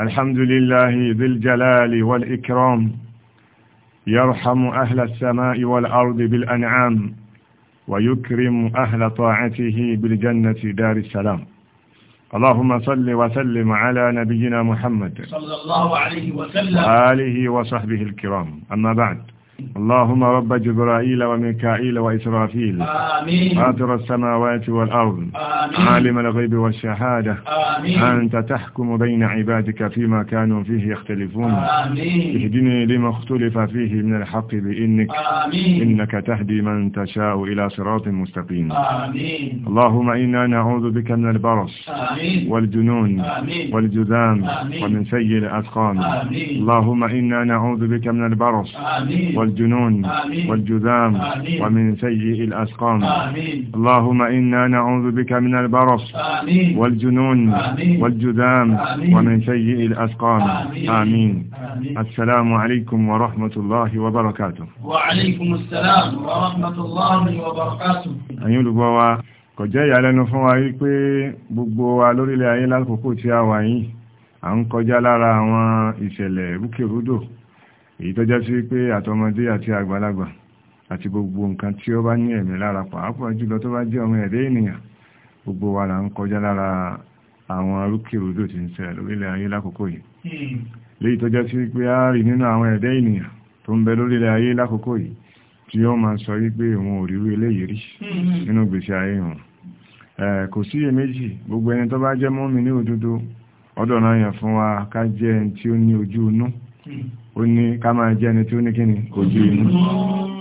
الحمد لله ذي الجلال والإكرام يرحم أهل السماء والأرض بالأنعام ويكرم أهل طاعته بالجنة دار السلام اللهم صل وسلم على نبينا محمد صلى الله عليه وسلم وآله وصحبه الكرام أما بعد اللهم رب جبرائيل وميكائيل وإسرافيل آمين السماوات والأرض آمين عالم الغيب والشهادة آمين أنت تحكم بين عبادك فيما كانوا فيه يختلفون آمين اهدني لما اختلف فيه من الحق بإنك آمين إنك تهدي من تشاء إلى صراط مستقيم آمين اللهم إنا نعوذ بك من البرص آمين والجنون آمين والجذام آمين ومن سيء الأسقام آمين اللهم إنا نعوذ بك من البرص آمين والجنون والجذام ومن سيء الأسقام اللهم إنا نعوذ بك من البرص والجنون والجذام ومن سيء الأسقام آمين السلام عليكم ورحمة الله وبركاته وعليكم السلام ورحمة الله وبركاته أيها الأخوة kọjẹ́ ìyàlẹ́nu fún wa yí gbogbo wa lórílẹ̀ ayé lákòókò tí a wà yìí à ń kọjá lára àwọn ìṣẹ̀lẹ̀ rúkèrúdò èyí tó sí pé àtọmọdé àti àgbàlagbà àti gbogbo nǹkan tí ó bá ní ẹ̀mí lára pàápàá jùlọ tó bá jẹ́ ọmọ ẹ̀dẹ́ ènìyàn gbogbo wa là ń kọjá lára àwọn arúkèrúdò tí ń lórílẹ̀ ayé lákòókò yìí hmm. léyìí tó sí pé a rí nínú àwọn ẹ̀dẹ́ ènìyàn tó ń bẹ lórílẹ̀ ayé lákòókò yìí sọ wípé òun ò rí eléyìí rí hmm. nínú gbèsè ayé wọn kò sí gbogbo ẹni tó bá jẹ́ mọ́mí ní òdodo ọdọ̀ yàn fún wa ká jẹ́ ẹni tí ó ojú inú hmm. ó ní ká máa jẹ́ ẹni tí ó ní kíni kò jí inú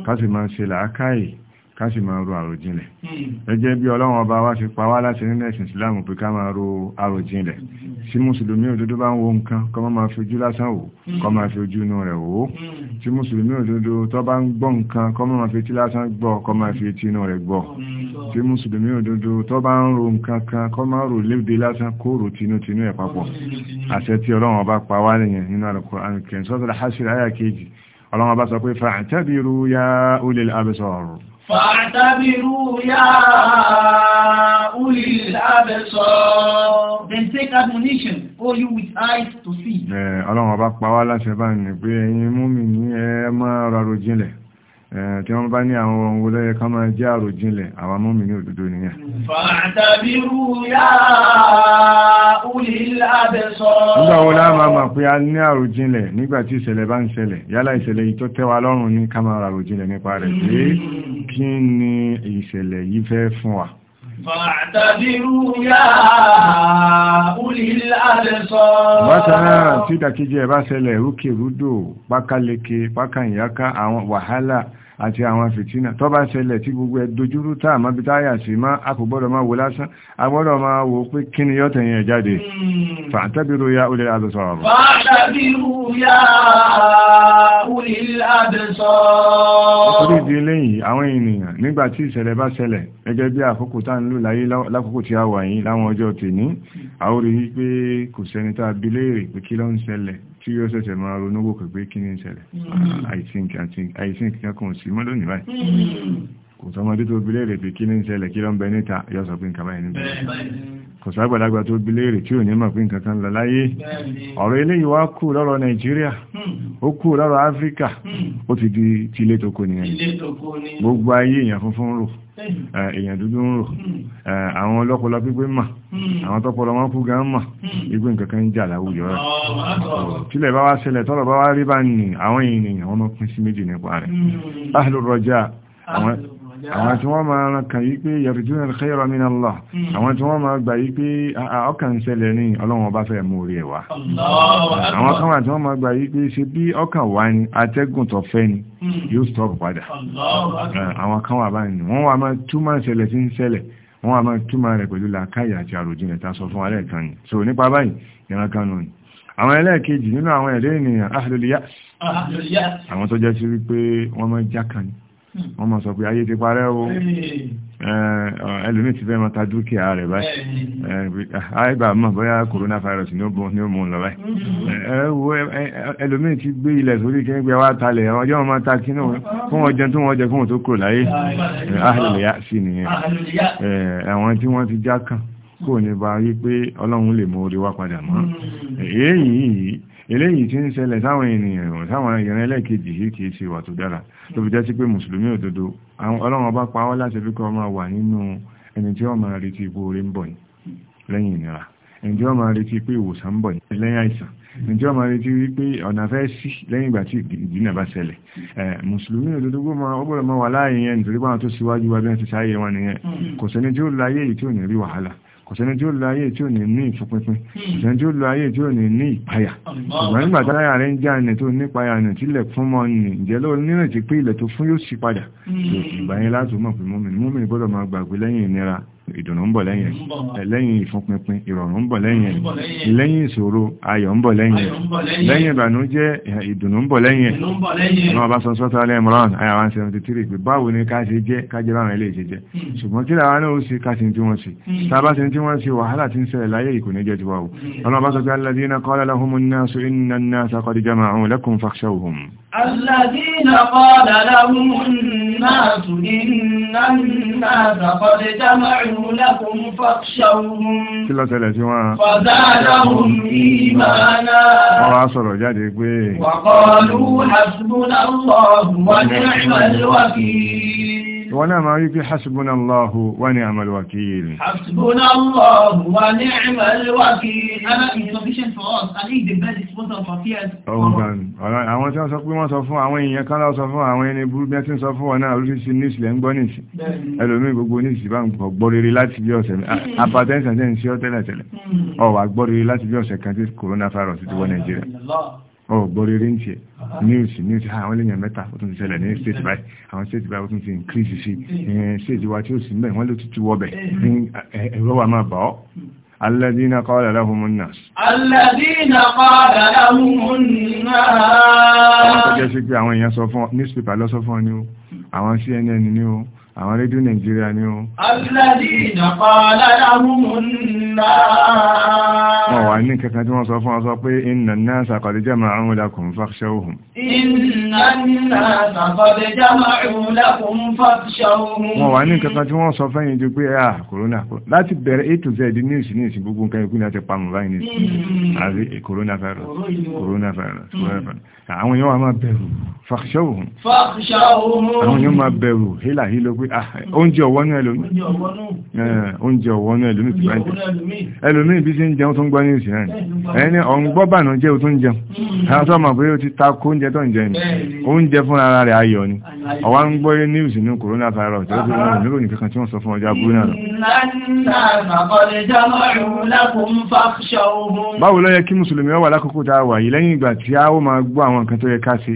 ká sì máa ṣe làákàyè ká sì máa ro àròjinlẹ̀ hmm. ẹjẹ́ bí ọlọ́run ọba wá ṣe pa wá láti nílẹ̀ ìsìn ìsìláàmù pé ká máa ro àròjinlẹ̀ hmm. tí mùsùlùmí òdodo bá ń wo nǹkan kó má máa fi ojú lásán wò hmm. kó máa fi ojú inú rẹ̀ wò tí mùsùlùmí òdodo tó bá ń gbọ́ nǹkan kó má máa fi etí lásán gbọ́ kó máa fi etí inú rẹ̀ gbọ́ tí mùsùlùmí òdodo tó bá ń ro nǹkan kan kó má rò léde lásán kó rò tinútinú ẹ̀ papọ̀ àṣẹ tí ọlọ́run ọba pa nìyẹn nínú Al-Qur'an Al-Karim suratul Hashr àyà kejì ọlọ́wọ́ bá sọ pé fàtàbírú ya ulil absar fàtàbírú ya ulil absar then take admonition o you with eyes to see ọlọ́wọ́ bá pa wá bá ní pé ẹ̀yin mùmínì ẹ máa rọrùn jinlẹ̀ tí wọ́n bá ní àwọn ohun wo lẹ́yẹ ká máa jẹ́ àròjinlẹ̀ àwọn mọ́mí ní òdodo nìyẹn. fàtàbírú yá ulil absar. nígbà wo láà máa mọ̀ pé a ní àròjinlẹ̀ nígbà tí ìṣẹ̀lẹ̀ bá ń ṣẹlẹ̀ yálà ìṣẹ̀lẹ̀ yìí tó tẹ́ wa lọ́rùn ní ká máa àròjinlẹ̀ nípa rẹ̀ pé hmm. kí ni ìṣẹ̀lẹ̀ yìí fẹ́ fún àwọn wàhálà, àti àwọn fìtínà tó bá ṣẹlẹ̀ tí gbogbo ẹ̀dójúrú táà má bí táyà sí má a kò gbọ́dọ̀ máa wò lásán a gbọ́dọ̀ máa wò pé kí ni yọ́ tẹ̀yìn ẹ̀ jáde hmm. ya ulil absar fa'tabiru ya ulil absar orí di lẹ́yìn àwọn ènìyàn nígbà tí ìṣẹ̀lẹ̀ bá ṣẹlẹ̀ gẹ́gẹ́ bí àkókò tá ń lò láyé lákòókò tí a wà yìí láwọn ọjọ́ tèní àwọn orí wípé tí yóò ṣẹ̀ṣẹ̀ máa ronú wò pé kí ni ìṣẹ̀lẹ̀ hmm. i think i think i think kankan sí mọ́ lónìí báyìí hmm kò sọmọdé tó bilẹ̀rẹ̀ pé kí ní ṣẹlẹ̀ kí ló ń bẹ níta yọ sọ pé nǹkan báyìí níbẹ̀ kò sàgbàlagbà tó bilẹ̀rẹ̀ tí ò ní mọ̀ pé nǹkan kan lọ láyé ọ̀rọ̀ eléyìí wá kù lọ́rọ̀ Nàìjíríà ó kù lọ́rọ̀ Áfíríkà ó ti di tilé tó kó nìyẹn gbogbo ayé èèyàn funfun rò èèyàn dúdú ń rò àwọn ọlọ́pọlọ pípé mà àwọn tọ́pọlọ wọn kú gan mà igbó nǹkan kan ń jà láwùjọ rẹ̀ tílẹ̀ bá wá ṣẹlẹ̀ tọ́lọ̀ bá wá rí bá ní àwọn ènìyàn wọn pín sí méjì nípa rẹ̀ hmm. láàrín rọjá àwọn àwọn tí wọ́n máa rán kàn yí pé yàrìjúnà alkhaira min Allah hmm. àwọn tí wọ́n máa gbà yí pé ah, ah, ọkàn ṣẹlẹ̀ ní ọlọ́run ọba fẹ́ mú orí ẹ̀wà àwọn kánwà tí wọ́n máa gbà yí pé ṣe bí ọkàn wá ní atẹ́gùn tó fẹ́ ni hmm. yóò stop padà ah, àwọn kánwà bá ní wọ́n wà máa túmọ̀ ṣẹlẹ̀ sí ń wọ́n máa sọ pé ayé ti parẹ́ o ẹlòmí ti fẹ́ máa ta dúkìá rẹ̀ báyìí àìbà mọ̀ bóyá coronavirus ní ó mú un lọ báyìí mm-hmm. ẹlòmí ti gbé ilẹ̀ sórí kí ẹgbẹ́ wá talẹ̀ ọjọ́ wọn máa ta kí náà fún ọjọ́ tó wọ́n jẹ fún òtó kúrò láyé ahìlẹ̀yà sí nìyẹn àwọn tí wọ́n ti já kàn kò ní bá rí pé ọlọ́run lè mú orí wá padà mọ́ mm-hmm. èyí yìí eléyìí tí ń ṣẹlẹ̀ sáwọn ènìyàn sáwọn ìran ẹlẹ́ẹ̀kejì yìí kìí ṣe wà tó dára tó fi jẹ́ sí pé mùsùlùmí òdodo ọlọ́run ọba pa wọ́n láti fi kọ́ máa wà nínú ẹni tí wọ́n máa retí ipò orí ń bọ̀ lẹ́yìn ìnira ẹni tí wọ́n máa retí pé ìwòsàn ń bọ̀ lẹ́yìn àìsàn ẹni tí wọ́n máa retí wípé ọ̀nà fẹ́ sí lẹ́yìn ìgbà tí ìdínà bá ṣẹlẹ̀ mùsùlùmí òdodo gbọ́dọ̀ máa wà láàyè yẹn nítorí pé àwọn tó síwájú wa bí wọ́n ti sáyé wọn nìyẹn mm-hmm. kò sẹ́ni tí ó láyé èyí tí ò ní rí wàhálà kò sẹ́ni tí ó lọ ayé tí ò ní ní ìfúnpínpín kò hmm. sẹ́ni tí ó lọ ayé tí ò ní ní ìpayà ṣùgbọ́n nígbà táyà rẹ̀ ń já ẹni tó ní ìpayà ẹni tí fún mọ́ ni ìjẹ́ ló pé ilẹ̀ tó fún yóò sí padà hmm. ìgbà yẹn láti mọ̀ pé mọ́mìnì mọ́mìnì gbọ́dọ̀ máa gbàgbé lẹ́yìn ìnira ìdùnnú ń bọ̀ lẹ́yìn ẹ̀ lẹ́yìn ìfúnpinpin ìrọ̀rùn ń bọ̀ lẹ́yìn ẹ̀ lẹ́yìn ìṣòro ayọ̀ ń bọ̀ lẹ́yìn ẹ̀ lẹ́yìn ìbànújẹ́ ìdùnnú ń bọ̀ lẹ́yìn ẹ̀ ní ọba sọ sọ́tọ̀ alẹ́ Imran aya 173 pé báwo ni ká ṣe jẹ́ ká jẹ́ báwọn ilé ṣe jẹ́ hmm. ṣùgbọ́n kí làwọn náà ó ṣe ká ṣe tí wọ́n ṣe hmm. tá a bá ṣe inna an-nas qad jama'u lakum fakhshawhum. kí ló ṣẹlẹ̀ sí wọn. fazadahum imana. sọ̀rọ̀ jáde pé. wa qalu hasbunallahu wa ni'mal wakeel ìwọ̀n náà máa rí pé hasbuna allahu wa ni amal wakil hasbuna allahu wa ni amal wakil àwọn tí wọ́n sọ pé wọ́n sọ fún àwọn èèyàn kan lọ sọ fún àwọn ẹni burú bí wọ́n ti sọ fún wọn náà lórí sí ní ìsìlẹ̀ ń gbọ́ ní ìsì ẹlòmí gbogbo ní ìsì bá ń gbọ́ rere láti bí ọ̀sẹ̀ apatẹ́sẹ̀ hmm. ń sí ọ́ tẹ́lẹ̀ tẹ́lẹ̀ ó hmm. wá gbọ́ rere láti bí ọ̀sẹ̀ kan tí coronavirus ti wọ Nàìjíríà ọ̀gbọ́rí rí ń ṣe news news ah, àwọn èèyàn mẹ́ta ó tún ti ṣẹlẹ̀ ní state by àwọn state by ó tún ti increase sí hmm. eh, state wa tí ó sì ń bẹ̀ wọ́n ló ti ti wọ́ bẹ̀ hmm. eh, ẹ̀rọ wa máa bà ọ́ hmm. alladhina qala lahumun nas. alladhina qala lahumun nas. àwọn tó jẹ́ sí pé àwọn Wọ́n wà ní kẹta tí wọ́n sọ fún ọsọ pé iná náà sàkọ̀dé jẹ́ máa ń lákùn fàṣẹ́hùn. Iná náà sàkọ̀dé jẹ́ máa ń lákùn fàṣẹ́hùn. Wọ́n wà ní kẹta tí wọ́n sọ fẹ́yìn ju pé à ah, kòrónà láti bẹ̀rẹ̀ A to Z ní ìsìn ní ìsìn gbogbo ní mm. àti ẹlòmíì bí sí ń jẹun tó ń gbọ́ ní ìsìn náà ẹni ọ̀ngbọ́ bànújẹ́ o tó ń jẹun ẹ̀rọ mm. tó mọ̀ pé o ti ta kó oúnjẹ tó ń jẹ ni oúnjẹ fún ara rẹ̀ ayọ̀ ni ọ̀wá ń gbọ́ ní ìsìn ní corona virus tó fi wọn nílò nìkan tí wọ́n sọ fún ọjà burú náà lọ. báwo ló yẹ kí mùsùlùmí wà lákòókò tá a wà yìí lẹ́yìn ìgbà tí a ó máa gbọ́ àwọn nǹkan tó yẹ ká ṣe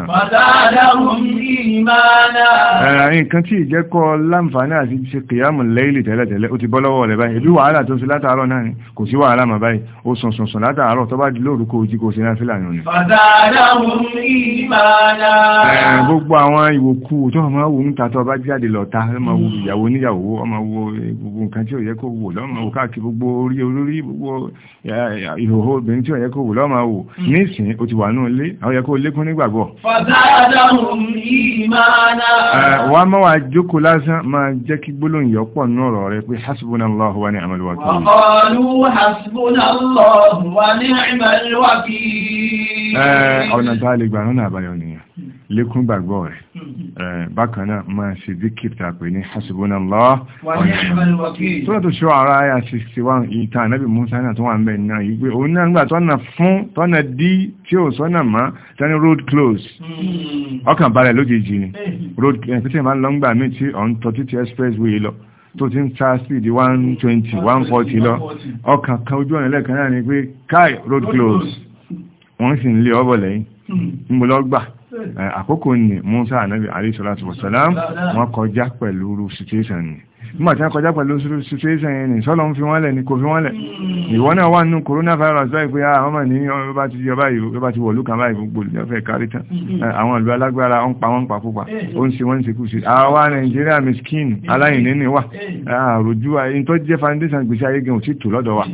náà. nǹkan tí ìjẹ́ kọ́ láǹfààní àti ṣe kìyàmù lẹ́ìlì tẹ́lẹ̀tẹ́lẹ̀ ó ti bọ́ lọ́wọ́ rẹ̀ báyìí ìlú wàhálà tó ṣe látàárọ̀ náà ni kò sí wàhálà mọ́ báyìí ó sùn sùn sùn látàárọ̀ tó bá di lóru kó jí kó ṣe náà fílà nìyẹn. gbogbo àwọn ìwòkú tó wọn máa wò ń ta tó bá jáde lọ ta ọmọ wo hmm. ìyàwó níyàwó ọmọ wo gbogbo nǹkan tí ò yẹ kó wò lọ́mọ wò káàkiri gbogbo orí olórí gbogbo ìhòhò obìnrin tí ò yẹ kó wò lọ́mọ wò hmm. nísìnyí ó ti wà nù ilé àwọn yẹ kó lékún nígbàgbọ́. Wọ́n mọ́ wà jókòó lásán máa jẹ́ kí gbólóhùn yọ pọ̀ ní ọ̀rọ̀ rẹ̀ pé hasbunallahu wa ni'mal wakeel. Wa qalu hasbunallahu wa ni'mal wakeel. Ọ̀nà tàà lè gbà náà àbáyọ̀ nìyàn lékún gbàgbọ́ rẹ̀ hmm. eh, bákan náà máa ṣe díkìr tàpé ní hasbunallah tó ṣe ara ayà 61 ìta náàbì musa náà tó wà ń bẹ̀ náà yí pé òun náà gbà tọ́nà fún tọ́nà dí tí ó sọ́nà má tẹ́ni road close hmm. ọkàn balẹ̀ lójijì ni road pẹ́tẹ́ eh, máa lọ ń gbà mí tí ọ̀n tọ́ títí expressway lọ tó ti ń ta speed 120 140 lọ ọkàn kan ojú ọ̀nà lẹ́ẹ̀kan náà ni pé káì road close wọ́n sì ń lé ọbọ̀ lẹ́yìn hmm. ń bọ́ lọ́gbà àkókò ni Musa anabi alayhi salatu wasalam wọ́n kọjá pẹ̀lú situation ni nígbà tí wọ́n kọjá pẹ̀lú situation yẹn ni sọ́lọ́ ń fi wọ́n lẹ̀ ni kò fi wọ́n lẹ̀ ìwọ náà wà nínú coronavirus báyìí pé àwọn ah, mà ní ọba ti yọ báyìí ọba ti wọ̀lú kan báyìí gbogbo ìjọfẹ́ kárí tán mm-hmm. eh, àwọn ìlú alágbára ń pa wọ́n pàkópa ó ń ṣe wọ́n ń ṣe kú sí àwa nàìjíríà miskin aláìní ni wà àròjú ayé tó jẹ́ foundation gbèsè ayé gan òtítù lọ́dọ̀ wa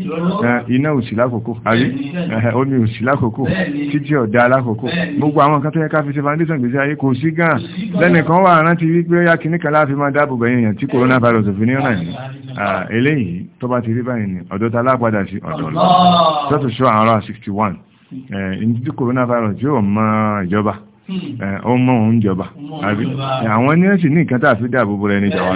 eh, iná òsì lákòókò àbí mm-hmm. eh, omi òsì lákòókò títí ọ̀dà lákòókò gbogbo àwọn kan tó yẹ ká fi ṣe foundation gbèsè ayé kò sí gan lẹ́nìkan wà rántí wípé ó yá kìnnìkan láàfin máa dáàbò bẹ̀yìn yàn tí coronavirus ṣòkòtò fi ní ọ̀nà ní eléyìí tó bá ti rí báyìí ní ọ̀dọ̀ ta lápadà sí ọ̀dọ̀ lọ tọ́tù ṣọ́ àárọ̀ 61 ìdí coronavirus yóò mọ ìjọba ọmọ òun jọba àwọn ní ẹ̀sìn ní ìkátà fi dáàbò ẹni jọba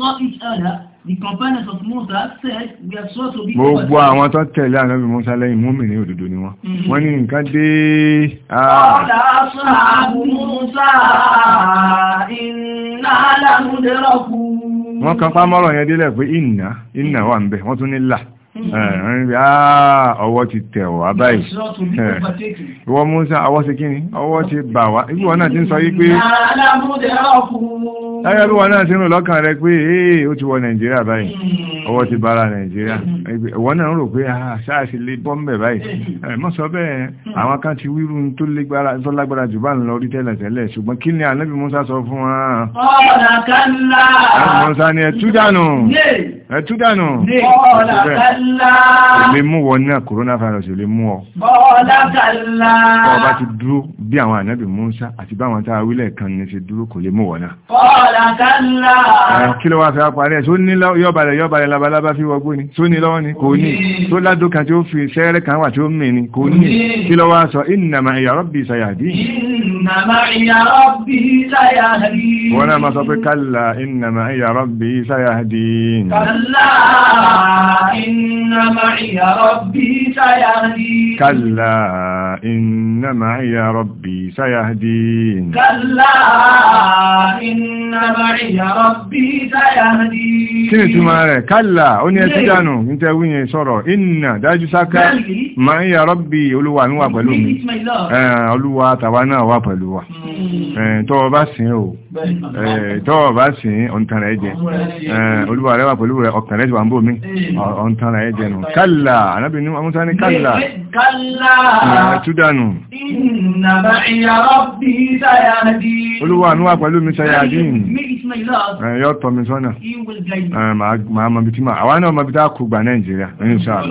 saw each other, the to be Gbogbo àwọn tó tẹ̀lé ànábì Musa lẹ́yìn múmìnì òdodo ni wọ́n. Mm-hmm. Wọ́n ní nǹkan dé. Ọ̀dà ah. aṣáàbù Musa iná alámúdẹ́rọ̀kú. Wọ́n kan pá mọ́rọ̀ yẹn délẹ̀ pé ìnà ìnà wà ń bẹ̀, wọ́n tún ní là. Eh, mm-hmm. ah, ọwọ́ ti tẹ̀ wá báyìí eh, ìwọ Musa ọwọ́ sí kíni ọwọ́ ti bà wá ìwọ náà ti ń sọ yí pé láyé bí wọ́n náà ti ń rò lọ́kàn rẹ pé ee eh, ó ti wọ Nàìjíríà báyìí mm-hmm. ọwọ́ ti bára Nàìjíríà mm-hmm. ìwọ náà rò pé ah, ẹ̀tú dànù lè mú wọ náà coronavirus lè mú ọ ọba ti dúró bí àwọn ànábì Mùsá àti báwọn tàà wílẹ̀ kan ní ti dúró kò lè mú wọ náà kí ló wá fẹ́ parí ẹ̀ tó ní yọ́balẹ̀ yọ́balẹ̀ labalábá fi wọgbó ni tó ní lọ́wọ́ ni kò ní tó ládó kan tí ó fi sẹ́rẹ́ kan wà tí ó mì ni كلا إن معي ربي سيهدين كلا إن معي ربي سيهدين كلا إن معي ربي سيهدين كيف تمارك كلا أني أتدانو ربي سيهدين صورة إن داجو ساكا máa ń yà rọ́bì olúwa mi wà pẹ̀lú mi olúwa tàwa náà wà pẹ̀lú wa mm. tọ́wọ́ bá sìn o tọ́wọ́ bá sìn ọ̀ntàn rẹ̀ jẹ olúwa rẹ̀ wà pẹ̀lú rẹ̀ ọ̀kàn rẹ̀ wà ń bò mí mm. ọ̀ntàn rẹ̀ jẹ nù kálà anábì ní amúta ní kálà túdánù olúwa mi wà pẹ̀lú mi sayadin yóò tọ́ mi sọ́nà máa mọ̀ bí tí máa àwa náà mọ̀ bí tá kò gbà Nàìjíríà ní sáà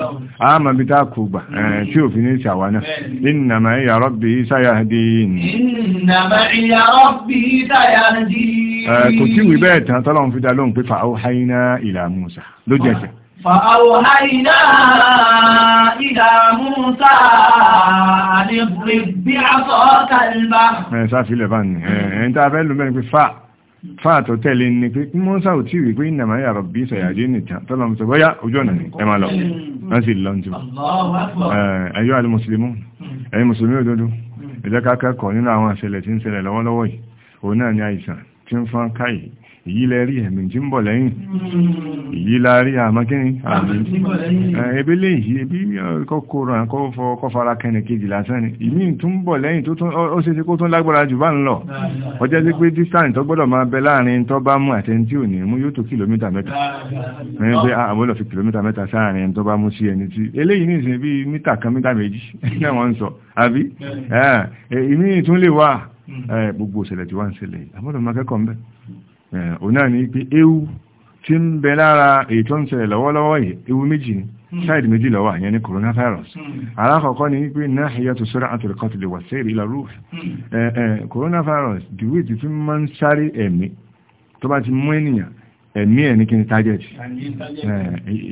àwa mọ̀ bí tá kò gbà tí ò fi ní ṣàwà náà inna ma'iya rabbi sayahdin inna ma'iya rabbi sayahdin kò tí wí bẹ́ẹ̀ tán tọ́lọ́run fi dá lóhùn pé fa'awhayna ila Musa lójú ẹsẹ̀ فأوحينا إلى موسى أن اضرب بعصاك البحر. ẹ sáfi lè bá ní ẹ fáàtọ̀ tẹ́lẹ̀ ní pé mọ́sá ò tí rí pé ìnàmà yà rọ̀ bí sọ̀yàjé nìtàn tọ́lọ mọ̀ sọ̀bọ́yá ojú ọ̀nà ní ẹ máa lọ wọ́n sì lọ jù ẹ̀yọ́ alẹ́ hmm. mùsùlùmí ẹ̀yìn mùsùlùmí ní àìsàn tí ń fọ́n èyí lẹ rí ẹ̀mí tí ń bọ̀ lẹ́yìn èyí la rí àmọ́kíní ẹbí lè yí ẹbí kòkòrò àkọ́fọ́ fara kẹni kejì lásán ni ìmí tún bọ̀ lẹ́yìn tó tún ó ṣe kó tún lágbára jù bá ń lọ ọjọ́ sí pé distance tó gbọ́dọ̀ máa bẹ láàrin tó bá mú àti ẹni tí ò ní mú yóò tó kìlómítà mẹ́ta ẹni pé àbúlọ̀ fi kìlómítà mẹ́ta sáàrin tó bá mú sí ẹni tí eléyìí ní ìsìn bí mítà kan mítà ọ eh, náà ni pé ewu tí ń bẹ lára èyí tó ń ṣẹlẹ̀ lọ́wọ́lọ́wọ́ yìí ewu méjì ni hmm. ṣáìdì méjì lọ́wọ́ àyẹn ní coronavirus hmm. alákọ̀ọ́kọ́ ni pé náà yẹ́ tó sọ́rọ̀ àtòrò kan ti wà sẹ́rì ìlà rúf coronavirus dìwé ti fi máa ń sáré ẹ̀mí tó bá ti mú ẹ̀mí ẹ̀ ní kí ni target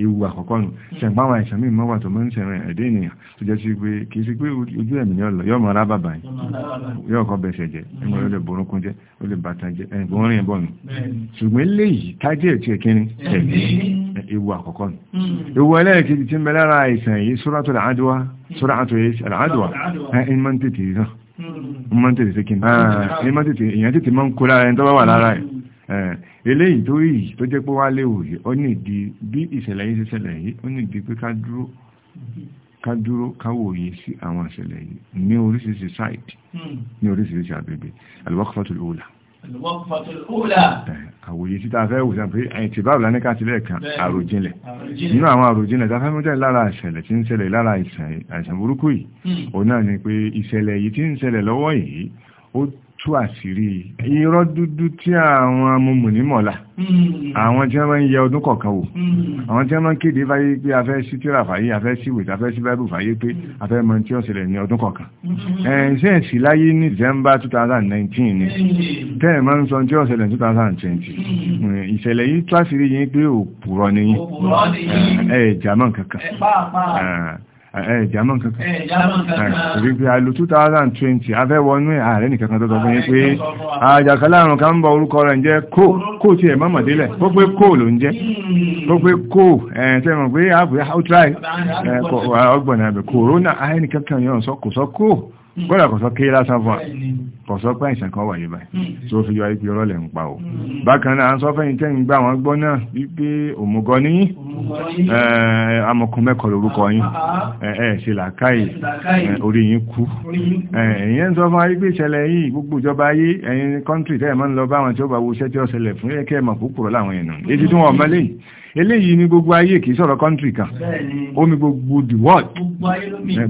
ewu àkọ́kọ́ nù ṣẹ̀gbọ́n àwọn àìsàn míì mọ́wà tó mọ́n sẹ̀rẹ̀ ẹ̀dẹ́ ènìyàn tó jẹ́ sí pé kìí sí pé ojú ẹ̀mí yọ̀lọ̀ yọ̀ mọ́ rábà báyìí yọ̀ kọ́ bẹ̀sẹ̀ jẹ́ ẹ̀mọ́ yóò lè borúnkún jẹ́ ó lè bàtà jẹ́ ẹ̀bùn rìn bọ̀ nù ṣùgbọ́n eléyìí target ẹ̀ kí ni ẹ̀mí ewu àkọ́kọ́ nù ewu ẹlẹ́ẹ̀kejì tí ń bẹ lára àìsàn yìí sóràtò àdúwà sóràtò àdúwà ẹ̀ ń mọ́ ń kó lára ẹni tó wà lára ẹ̀ Eh, eléyìí tó yìí tó jẹ́ pé wá léwu yìí ó ní ìdí bí ìṣẹ̀lẹ̀ yìí ṣẹlẹ̀ yìí ó ní ìdí pé ká dúró ká dúró ká wòye sí àwọn ìṣẹ̀lẹ̀ yìí ní oríṣiríṣi site hmm. ní oríṣiríṣi agbègbè al-waqfatul ula al-waqfatul ula eh, àwòye sí ta fẹ́ wùsàn hmm. pé ẹ̀yìn tí tú àṣírí irọ́ dúdú tí àwọn amúmùní mọ̀lá àwọn tí wọ́n ń yẹ ọdún kọ̀ọ̀kan wò àwọn tí wọ́n kéde fáyé pé afẹ́ sí tíra fàyé afẹ́ sí wèta afẹ́ sí báìbù fàyé pé afẹ́ mọ̀ tí ó ṣẹlẹ̀ ní ọdún kọ̀ọ̀kan ẹ̀ṣẹ́ ẹ̀sì láyé ní December 2019 ni tẹ́ẹ̀ máa ń sọ tí ó ṣẹlẹ̀ 2020 ìṣẹ̀lẹ̀ yìí tú àṣírí yìí pé òpùrọ̀ ni yín ẹ̀ẹ̀jà mọ̀ ẹ̀jàmọ́ kankan ẹ̀rí pé àlò 2020 afẹ́wọnú ààrẹ nìkankan tó sọ fún pé àjàkálà àrùn kan ń bọ orúkọ rẹ̀ ń jẹ́ kó tí ẹ̀ mọ́mọ̀délẹ̀ tó pé kó ló ń jẹ́ tó pé kó ẹ̀ẹ́tẹ́mọ̀ pé outry ọgbọ̀n kọ̀sọ́ pé àìsàn kan wà yìí báyìí hmm. tí ó fi yọ ipi ọlọ́lẹ̀ ń pa ò hmm. hmm. bákan náà sọ fẹ́yìn tẹ́yìn gbà wọ́n gbọ́ náà wípé òmùgọ̀ ní amọ̀kùn mẹ́kọ̀ lórúkọ yín eh, ẹ̀ ah, ah. eh, ṣe làkáì eh, orí yín kú ẹ̀yìn ń sọ fún ayé pé ìṣẹ̀lẹ̀ yìí gbogbo ìjọba ayé ẹ̀yìn kọ́ńtì tẹ́ẹ̀ máa ń lọ bá wọn tí ó bá wo iṣẹ́ tí ó ṣẹlẹ̀ fún ẹ̀kẹ́ mọ̀ púpọ̀ láwọn ènìyàn eléyìí ní gbogbo ayé kìí sọ̀rọ̀ country kan omi gbogbo the world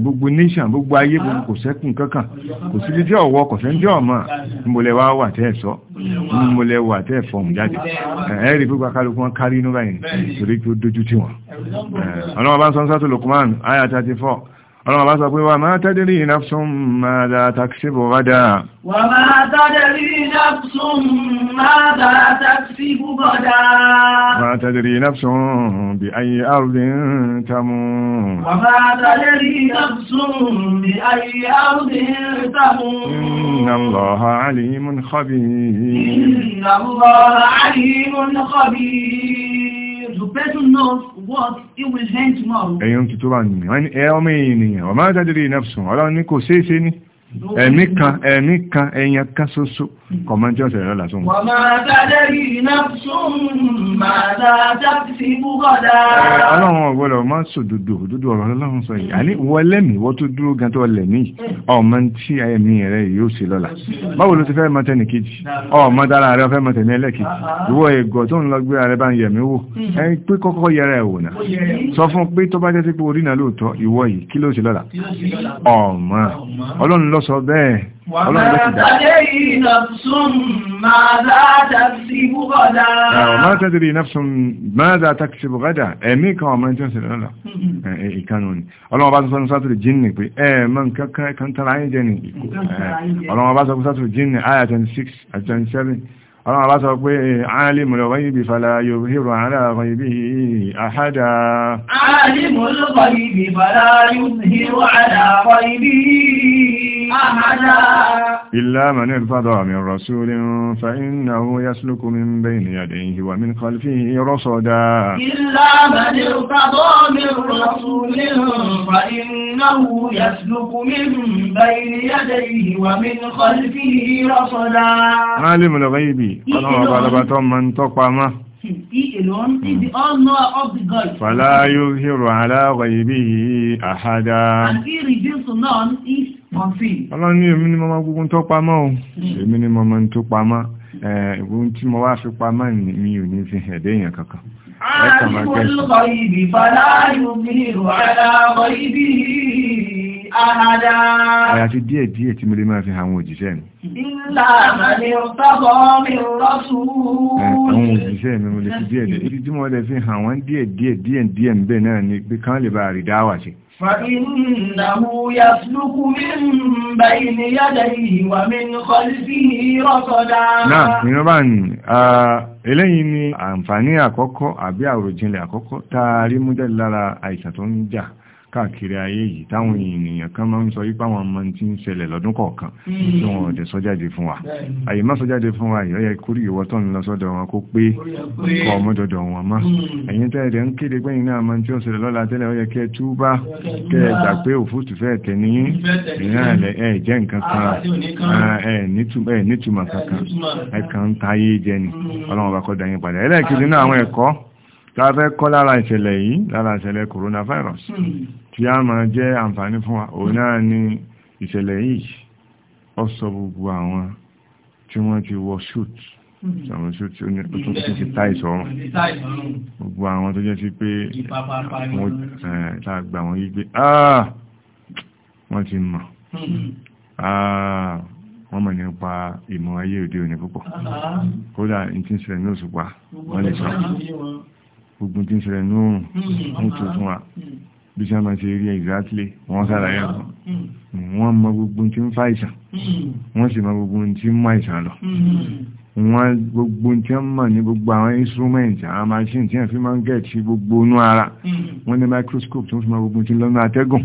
gbogbo nation gbogbo ayé ah. kò sẹ́kùn kankan kò sí tí ọ̀wọ́ kò sẹ́ńtí ọ̀mọ́ ìmọ̀lẹ̀ wa wà tẹ́ sọ ìmọ̀lẹ̀ wà tẹ́ fọ̀m jáde ẹ̀ẹ́rì gbogbo akálukú wọn kárí inú báyìí torí tó dojú tí wọn ọlọ́wọ́ bá sọ ń sátò Lukman ayah 34 ولما الله سأقول وما تدري نفس ماذا تكسب غدا وما تدري نفس ماذا تكسب غدا ما تدري نفس بأي أرض تموت وما تدري نفس بأي أرض تموت إن الله عليم خبير إن الله عليم خبير زبت النصف what it will end tomorrow. tuntun wà nìyàn ẹ̀ ọmọ ènìyàn ọmọ àjàdìrí nafsun ọlọ́run ní kò ṣeéṣe ní ẹ̀mí kan ẹ̀mí kan ẹ̀yàn kan ṣoṣo kọmọjọ́ ìṣẹ̀lẹ̀ lọ́la tó mú. wọ́n máa dájẹ́ yìí náà sún máa dájá sí búgọ́dá. ọlọ́run ọ̀gbọ́dọ̀ máa sòdodo òdodo ọ̀rọ̀ ọlọ́run sọ yìí àní wọ́n lẹ́mí wọ́n tó dúró gan tó lẹ́mí ọmọ tí ẹ̀mí rẹ̀ yóò ṣe lọ́la. báwo ló ti fẹ́ mọ tẹnì kejì ọmọ dára rẹ fẹ́ mọ tẹ̀mí ẹlẹ́kejì ìwọ ẹ̀gọ́ tó ń lọ gbé ara bá ń yẹ̀mí wò ẹ pé kọ́kọ́ yẹra ẹ̀ sọ fún pé tó bá jẹ́ sí pé orí náà lóòótọ́ ìwọ yìí kí ló ṣe lọ́la ọmọ ọlọ́run lọ ló sọ bẹ́ẹ̀ ọlọ́run ló ti dá ma tadri nafsun madha taksibu ghadan ẹ̀mí kan ọmọ ẹjọ́ sí lọ́la mm-hmm. ìkanu ni ọlọ́run bá sọ sátúrì jínnì pé ẹ mọ́ nǹkan kan tara ayé jẹ́ ni ọlọ́run bá sọ sátúrì jínnì ayà 26 àti 27 ọlọ́run bá sọ pé eh, alimul ghaibi fala yuzhiru ala ghaibihi ahada alimul ghaibi fala yuzhiru ala ghaibihi ahada illa man irtada min rasulin fa innahu yasluku min bayni yadayhi wa min khalfihi rasada illa man irtada min rasulin fa innahu yasluku min bayni He alone is the all-knower of the God. Fàlá yóò hírò aláwọ̀ ibi àhádá. to none is unfilled. Ọlọ́run ní èmi ni mo máa gbogbo tó pamọ́ o, hmm. èmi ni mo máa tó pamọ́, ẹ̀gbogbo tí mo wá fi pamọ́ mi ò ní fi ẹ̀dẹ́ èèyàn kankan. Ààrùn ìbí fàlá yóò hírò aláwọ̀ ibi ahada. àyàfi díẹ̀ díẹ̀ tí mo lè máa fi hàn àwọn òjíṣẹ́ mi. ilà àmàlẹ́ ọ̀tọ́bọ̀ mi rọ́sù. àwọn òjíṣẹ́ mi mo lè fi díẹ̀ díẹ̀ ibi tí mo lè fi hàn wọ́n díẹ̀ díẹ̀ díẹ̀ ni pé kán lè bá a rí dáwà sí. فإنه يسلك من بين يديه ومن خلفه رصدا نعم من بان eléyìí ni àǹfààní àkọ́kọ́ àbí àròjinlẹ̀ àkọ́kọ́ tá mú jáde lára àìsàn tó ń jà káàkiri ayé yìí táwọn ènìyàn kan máa ń sọ yípa àwọn ọmọ tí ń ṣẹlẹ̀ lọ́dún kọ̀ọ̀kan hmm. tí wọn ọ̀dẹ̀ sọ́jáde fún wa hmm. àyè má sọ́jáde fún wa ìyọ́yẹ kúrì ìwọ́ tọ́ wọn kó pé kọ́ ọmọdọ̀dọ̀ wọn má hmm. ẹ̀yin tẹ́ ń kéde pẹ́yìn náà máa tí ó ṣẹlẹ̀ lọ́la tá fẹ́ kọ́ lára ìṣẹ̀lẹ̀ yìí lára ìṣẹ̀lẹ̀ coronavirus hmm. tí a máa jẹ́ àǹfààní fún wa òun náà ni ìṣẹ̀lẹ̀ yìí ó sọ gbogbo àwọn tí wọ́n ti wọ shoot hmm. àwọn shoot tí ó ní tó tó ti tá ìṣọ́rùn gbogbo àwọn tó jẹ́ sí pé tàgbà eh, wọn yí pé ah! wọ́n ti mọ̀ hmm. ah! wọ́n mọ̀ nípa ìmọ̀ ayé òde òní púpọ̀ kódà ìtíṣẹ̀ ní òṣùpá wọ́n lè sọ gbogbo tí ń ṣẹlẹ̀ ní òòrùn wọ́n tó fún wa hmm. bí sá máa ṣe rí exactly wọ́n hmm, ṣàlàyé ẹ̀kọ́ hmm. wọ́n mọ gbogbo tí ń fa ìsàn wọ́n sì mọ gbogbo tí ń mọ ìsàn lọ wọ́n gbogbo tí ń mọ̀ ní gbogbo àwọn instrument àwọn machine tí wọ́n fi máa ń gẹ̀ sí gbogbo inú ara wọ́n ní microscope tí wọ́n fi mọ gbogbo tí ń lọ́nà atẹ́gùn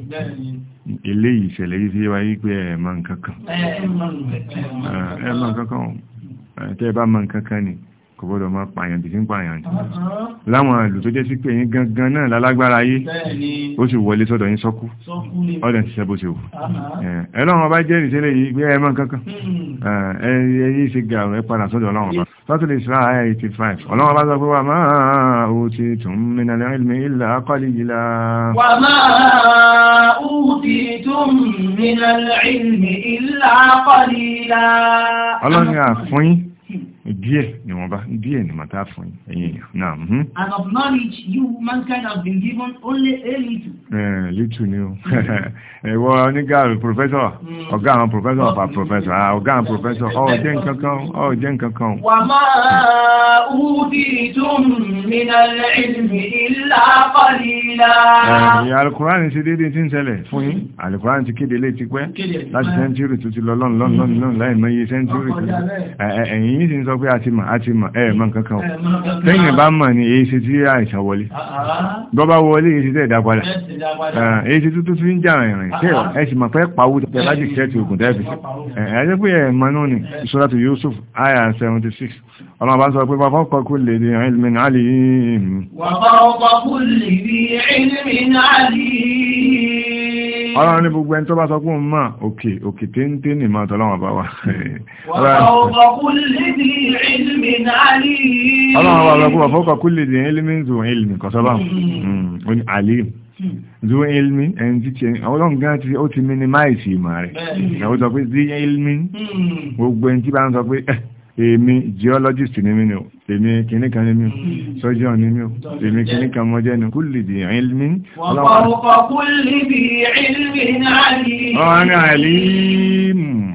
eléyìí ìṣẹ̀lẹ̀ yìí fi wáyé pé ẹ̀ẹ̀mọ̀ nǹkan kan ẹ̀ẹ̀mọ̀ nǹkan kan tẹ́ ẹ bá mọ̀ nǹkan kan ni kò gbọ́dọ̀ máa pààyàn tí sí ń pààyàn tí uh-huh. láwọn àlù tó jẹ́ sí pé yín gangan náà lálágbára ayé ó sì wọlé sọ́dọ̀ yín sọ́kú ọdẹ̀ ti sẹ́bó ṣe wù uh-huh. ẹlọ́run ọba jẹ́ ìṣẹ́lẹ̀ yìí gbé ẹmọ kankan hmm. ẹyí ṣe gà rẹ padà sọ́dọ̀ ọlọ́run ọba sọ́tún Isra ayé 85 ọlọ́run ọba sọ pé ilmi ilà akọ́lì ìlà wà máa díẹ̀ ni wọ́n bá díẹ̀ ni màtá fún ẹ̀yìn náà. Mhm. and of knowledge you mankind have been given only a little. ẹ eh, little ni o ẹwọ professor hmm. ọgá àwọn professor ọba professor ah, ọgá àwọn professor hmm. ọ jẹ́ nǹkan kan ọ jẹ́ nǹkan kan. wà máa ń wú bí tún mí náà ìlà pàlì ìyà alìkùránì sí dédé tí ń ṣẹlẹ̀ fún yín alìkùránì ti kéde lé ti pẹ́ láti sẹ́ntúrì tó ti lọ lọ́n lọ́n lọ́n lọ́n láì mọ́ iye sẹ́ntúrì tó ẹ̀yìn yìí sì ń sọ pé àti mà àti mà ẹ̀ẹ̀mọ́ kankan tẹ́yìn bá mọ̀ ní èyí sí tí àìsàn wọlé ah, ah. bọ́bá wọlé èyí sí tẹ́ ìdá èyí sí tuntun fi ń jà rìnrìn tẹ́ ah, ẹ sì mọ̀ pé pawó tẹ́ bá ti Suratu Yusuf ayah 76 ọlọ́run kú lè di ilmin بعلم عليم ọlọ́run ní gbogbo ẹni tó bá sọ pé òun máa òkè òkè tí ń tí ní máa tọ́lọ́wọ̀n bá wà ọlọ́run wà lọ́pọ̀ fọ́kọ̀ kú lè dìyàn ilmi zò ilmi kọ̀sọ́bà òní alim zò ilmi ẹni tí tí ọlọ́run gan ti ó ti minimize ìmọ̀ rẹ̀ ìyàwó sọ pé èmi kìíní kan ní mi sọ́jọ́ ní mi ò èmi kìíní kan mọ́ jẹ́ ní kúlì bí ilmi ọlọ́wọ́ ọ̀pọ̀ kúlì bí ilmi náà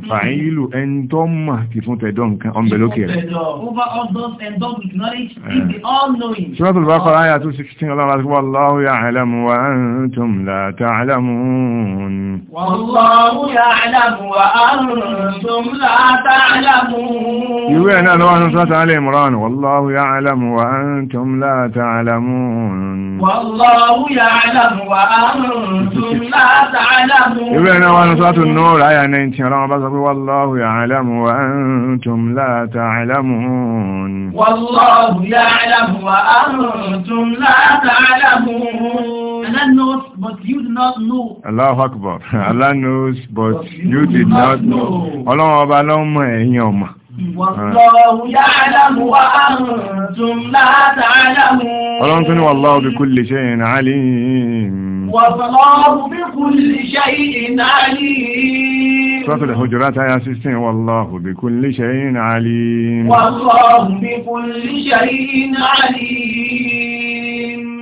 fàáyílù ẹndọ́mà ti fún tẹ̀dọ́ nǹkan ọmọ ìlókè rẹ̀. ṣúrọ́tù bá kọ́ láyà tó 16 ọlọ́run àti wallahu ya'lamu wa antum la ta'lamun. wallahu ya'lamu wa antum la ta'lamun. ìwé ẹ̀ náà lọ́wọ́ ní sọ́tà alẹ́ ìmọ̀ràn wallahu ya'lamu wa antum la ta'lamun. wallahu ya'lamu wa antum la ta'lamun. ìwé ẹ̀ náà wọ́n ní sọ́tà nù sọ pé wallahu ya'lamu wa antum la ta'lamun wallahu ya'lamu wa Allah knows but you do not know Allah Akbar Allah knows but you did not know Ọlọ́run ọba ló mọ̀ ẹ̀yin والله يعلم وأنتم لا تعلمون قال والله بكل شيء عليم والله بكل شيء عليم سورة الحجرات يا سيستين والله بكل شيء عليم والله بكل شيء عليم